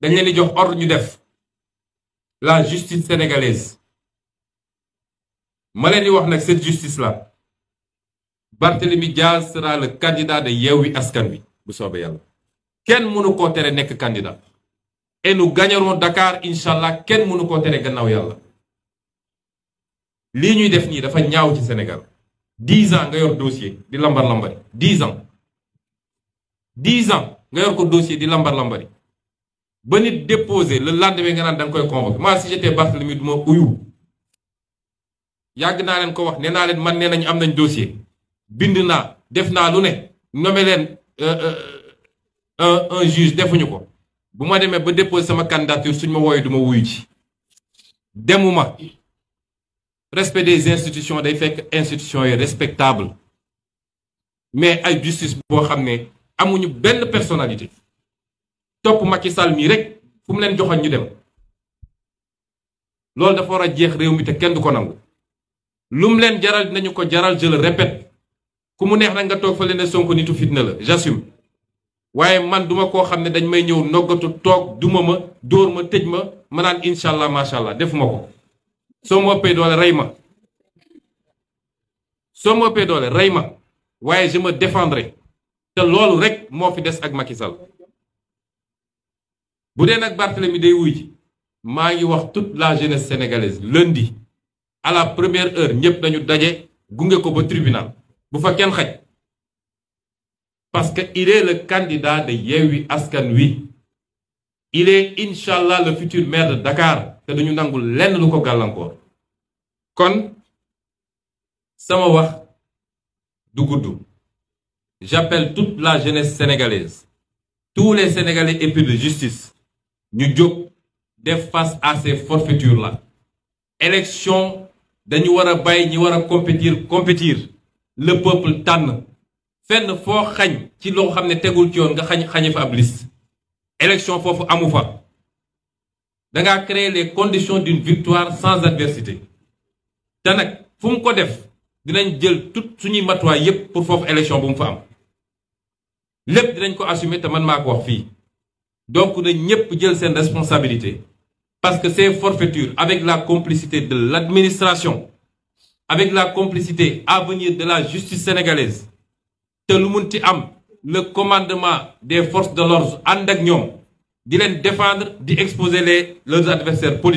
dañ leen la justice sénégalaise ma leen wax cette justice là Barthélemy Diaz sera le candidat de Yewi Askan Wi bu soobee yàlla kenn candidat et nous gagnerons Dakar inshallah. Quel kenn mënu koo tere gannaaw yàlla lii ñuy def nii dafa ñaaw ci Sénégal dix ans nga yor dossier de lambar lambari 10 ans dix ans nga yor ko dossier de lambar lambari ba nit déposé le lendemain nga naan da koy moi si j'étais Barthélemy du ma uyu yàgg naa leen ko wax nee naa leen man nee nañ am nañ dossier bind na def naa lu un euh, euh, euh, un juge defuñu ko bu ma ba déposé sama candidature suñ ma wooyee du ma wuyu ci demuma respect des institutions day fekk institutions yi respectable mais ay justice boo xam ne amuñu belle personnalité topp Macky Sall mii rek fu mu leen joxoon ñu dem loolu dafa war a jeex réew mi te kenn du ko nangu lu mu leen jaral dinañu ko jaral jëla le ku mu neex nag nga toog fa leen sonk Sonko nitu fitna la j'assume waaye man duma koo xam ne dañ may ñëw noggatu toog duma ma dóor ma tëj ma ma naan incha allah macha allah defuma ko soo ma ëppee doole rey ma soo ma ëppee doole rey ma waaye je me défendrai te loolu rek moo fi des ak Macky Sall bu nak nag Barthélemy day wuy ji ngi wax toute la jeunesse sénégalaise lundi à la première heure ñep dañu dajé gungé ko ba tribunal bu fa kenn xaj parce que il est le candidat de Yewwi Askan Wi il est inshallah le futur maire de Dakar té duñu nangul lenn lu ko gàllankoor kon sama wax du gudd j'appelle toute la jeunesse sénégalaise tous les Sénégalais épris de justice nous devons faire face à ces forfaitures là élection nous devons nous compétir compétir le peuple tànn fenn foo xañ ci qui ramène ne tegul ci yoon nga xañ xañe fa élection foofu amu fa avons créer les conditions d'une victoire sans adversité Nous nag fu tout ko def dinañ jël tout suñuy matuwaay yépp pour faire élection bu mu fa am lépp dinañ ko assumer te man donc nous ñëpp jël une responsabilité parce que ces forfaitures avec la complicité de l'administration avec la complicité à venir de la justice sénégalaise le commandement des forces de l'ordre ànd ak les défendre d'exposer les leurs adversaires politiques